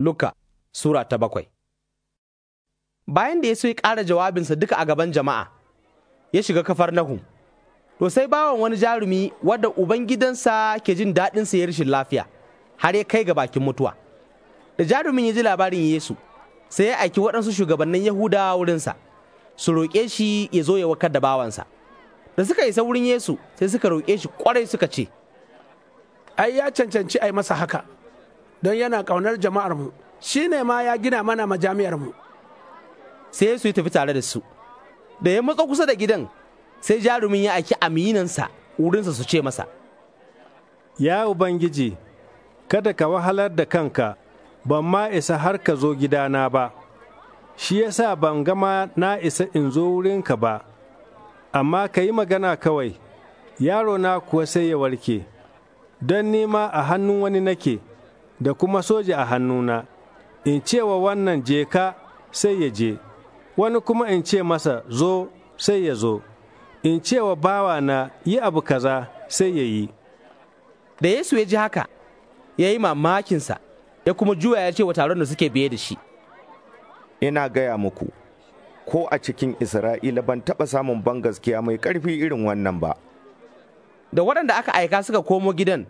Luka Sura ta bakwai Bayan da ya so ya ƙara jawabinsa duka a gaban jama'a, ya shiga kafar nahu To sai bawan wani jarumi wadda Ubangidansa ke jin daɗin ya rashin lafiya, har ya kai ga bakin mutuwa. Da jarumin ya ji labarin Yesu, sai ya aiki waɗansu shugabannin Yahuda wurinsa, su roƙe shi ya zo ya wakar da bawansa. Da suka isa wurin Yesu, sai suka roƙe shi ƙwarai suka ce, Ai ya cancanci ai masa haka. don yana ƙaunar jama'armu shi ne ma ya gina mana majami'armu sai su yi tafi tare da su da ya matsa kusa da gidan sai jarumin ya aiki aminansa wurinsa su ce masa ya ubangiji kada ka wahalar da kanka ban ma isa har ka zo gidana ba shi yasa ban gama na isa in zo wurinka ba amma ka yi magana kawai yaro na kuwa sai ya warke don nima a hannun wani nake da kuma soja a hannuna, in ce wa wannan je ka sai ya je, wani kuma in ce masa zo sai ya zo, in ce wa bawa na yi abu kaza sai ya yi. Da Yesu ya ji haka, ya yi mamakinsa, ya kuma juya ya ce wa taron da suke biye da shi. Ina gaya muku, ko a cikin Isra'ila ban taɓa samun ban gaskiya mai ƙarfi irin wannan ba. Da waɗanda aka aika suka komo gidan,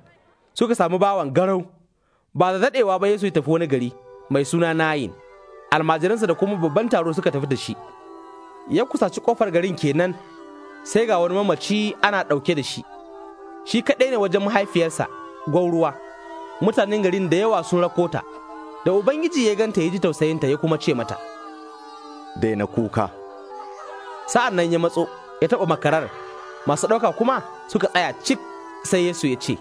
suka samu bawan garau. ba da daɗewa ba Yesu ya tafi wani gari mai suna Nayin. Almajiransa da kuma babban taro suka tafi da shi. Ya kusaci kofar garin kenan sai ga wani mamaci ana ɗauke da shi. Shi kaɗai ne wajen mahaifiyarsa gwauruwa. Mutanen garin da yawa sun rakota. Da Ubangiji ya ganta ya ji tausayinta ya kuma ce mata. Daina kuka. Sa'an nan ya matso ya taɓa makarar masu ɗauka kuma suka tsaya cik sai Yesu ya ce.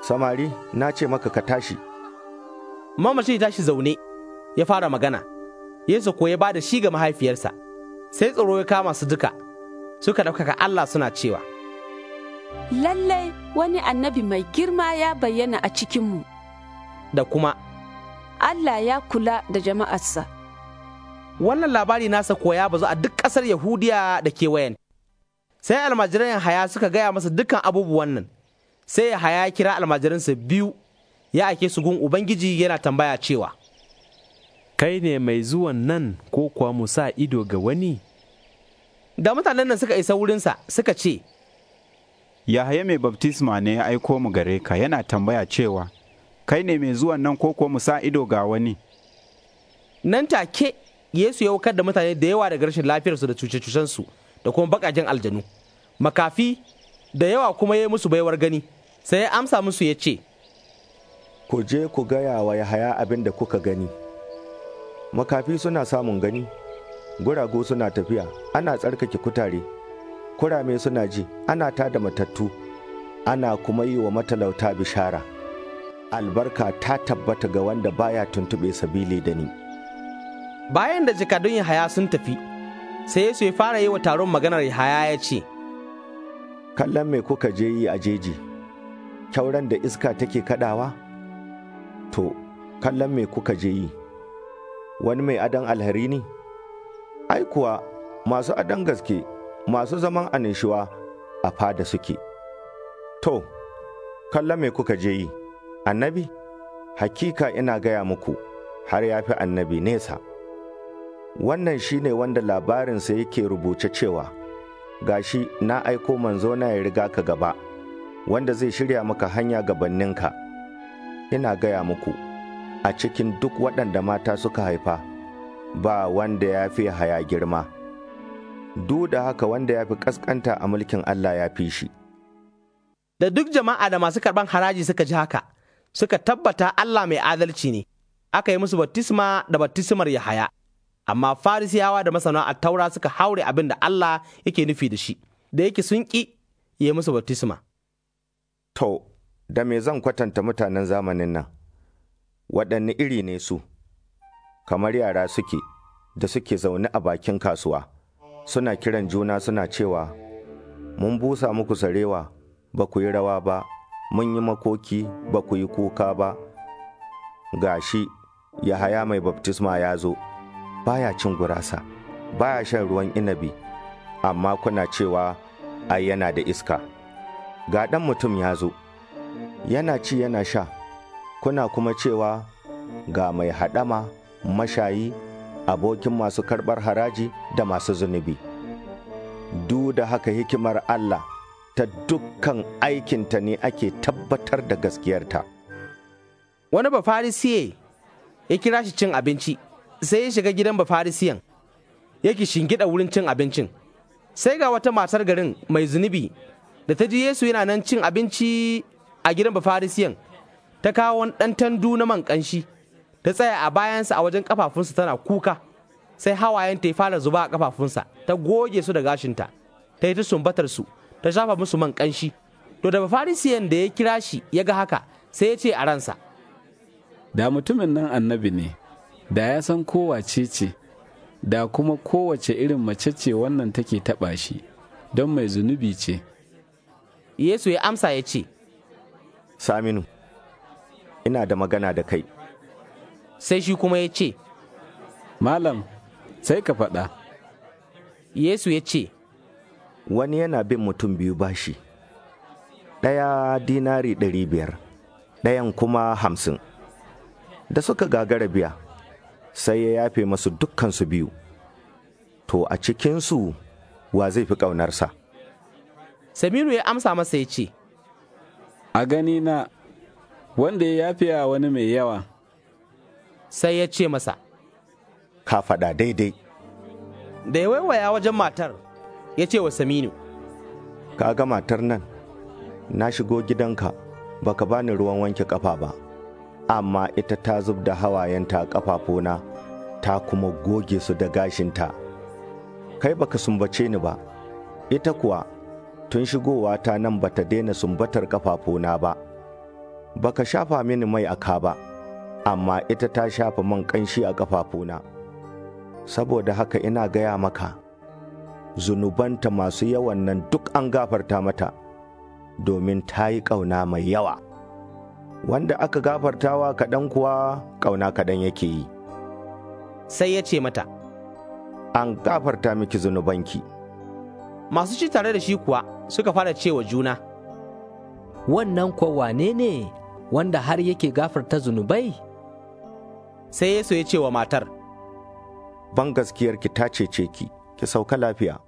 samari na ce maka ka tashi mamaci ya tashi zaune ya fara magana yesu ko ya ba da shi ga mahaifiyarsa sai tsoro ya kama su duka suka ɗaukaka allah suna cewa lallai wani annabi mai girma ya bayyana a cikinmu da kuma allah ya kula da jama'arsa wannan labari nasa koya bazu a duk ƙasar yahudiya da kewayen sai almajiran haya suka gaya masa dukkan abubuwan nan sai haya kira almajiransa biyu ya ake su gun ubangiji yana tambaya cewa kai ne mai zuwan nan ko kuwa mu sa ido ga wani da mutanen nan suka isa wurinsa suka ce yahaya mai baftisma ne ya aiko mu gare ka yana tambaya cewa kai ne mai zuwan nan ko kuwa mu sa ido ga wani nan take yesu ya wakar da mutane da yawa daga rashin lafiyarsu da cuce-cucensu da kuma bakajen aljanu makafi da yawa kuma ya yi musu baiwar gani sai ya amsa musu ya ce, Ku je ku gaya wa Yahaya abin da kuka gani, makafi suna samun gani, guragu suna tafiya, ana tsarkake kutare, kurame suna ji, ana tada matattu, ana kuma yi wa matalauta bishara. Albarka ta tabbata ga wanda baya tuntuɓe sabili da ni. Bayan da jikadun Yahaya sun tafi, sai Yesu ya fara yi wa taron maganar Yahaya ya ce, Kallon mai kuka je yi a jeji? kyauran da iska take kadawa? To, kallon me kuka je yi, wani mai adon alhari ne? Ai kuwa masu adon gaske, masu zaman anishuwa a fada suke. To, kallon me kuka je yi, annabi? Hakika ina gaya muku, har ya fi annabi nesa. Wannan shi ne wanda labarinsa yake rubuce cewa, Gashi na aiko manzo na ya riga ka gaba. wanda zai shirya maka hanya ka, ina gaya muku a cikin duk waɗanda mata suka haifa ba wanda ya fi haya girma duk da haka wanda ya fi ƙasƙanta a mulkin Allah ya fi shi da duk jama'a da masu karɓan haraji suka ji haka suka tabbata Allah mai adalci ne aka yi musu battisma da ya Yahaya amma Farisiyawa da masana a taura suka haure abin da Allah yake nufi da shi da yake sun ƙi yi musu battisma To, da me zan kwatanta mutanen zamanin nan, waɗanne iri ne su, kamar yara suke, da suke zaune a bakin kasuwa, suna kiran juna suna cewa, Mun busa muku sarewa, ba ku yi rawa ba, mun yi makoki, ba ku yi kuka ba. Gashi, Yahaya mai baftisma ya zo, baya cin gurasa, baya shan ruwan inabi, amma kuna cewa, ai yana da iska. ga ɗan mutum ya zo, yana ci yana sha, kuna kuma cewa ga mai haɗama, mashayi, abokin masu karɓar haraji da masu zunubi. Du da haka hikimar Allah ta dukkan aikinta ne ake tabbatar da gaskiyarta. Wani bafarisiye ya kira shi cin abinci, sai ya shiga gidan bafarisiyan, yake shingida wurin cin abincin. Sai ga wata matar garin mai zunubi da ta ji Yesu yana nan cin abinci a gidan Bafarisiyan, ta kawo wani ɗan tandu na man ƙanshi, ta tsaya a bayansa a wajen kafafunsa tana kuka, sai hawayenta ya fara zuba a kafafunsa, ta goge su da gashinta, ta yi ta sumbatar su, ta shafa musu man ƙanshi. To da Bafarisiyan da ya kira shi ya ga haka, sai ya ce a ransa. Da mutumin nan annabi ne, da ya san kowace ce, da kuma kowace irin mace ce wannan take taɓa shi, don mai zunubi ce. Yesu ya amsa ya ce, Saminu, ina da magana da kai. Sai shi kuma ya ce, Malam, sai ka faɗa. Yesu ya ce, Wani yana bin mutum biyu bashi, ɗaya dinari ɗari biyar, ɗayan kuma hamsin. Da suka gagara biya, sai ya yafe masu dukkansu biyu, to a cikinsu wa zai fi ƙaunarsa. Saminu ya amsa masa ya ce, A gani na wanda ya yafiya wani mai yawa. Sai ya ce masa, Ka faɗa daidai. Da ya waiwaya wajen matar, ya ce wa Saminu, Ka ga matar nan, na shigo gidanka, baka bani ruwan wanke ƙafa ba, amma ita ta zub da hawayenta a ƙafafuna, ta kuma goge su da gashinta. Kai baka sumbace ni ba, ita kuwa tun shigowa ta nan ba ta daina sumbatar kafafuna ba baka shafa mini mai aka ba amma ita ta shafa man ƙanshi a kafafuna. saboda haka ina gaya maka zunubanta masu yawan nan duk an gafarta mata domin ta yi ƙauna mai yawa wanda aka gafartawa kaɗan kuwa ƙauna kaɗan yake yi sai ya ce mata an gafarta miki zunubanki masu ci tare da shi kuwa suka fara cewa juna wannan kuwa wane ne wanda har yake gafarta zunubai sai yesu ya ce wa matar ban gaskiyarki ta cece ki ki sauka lafiya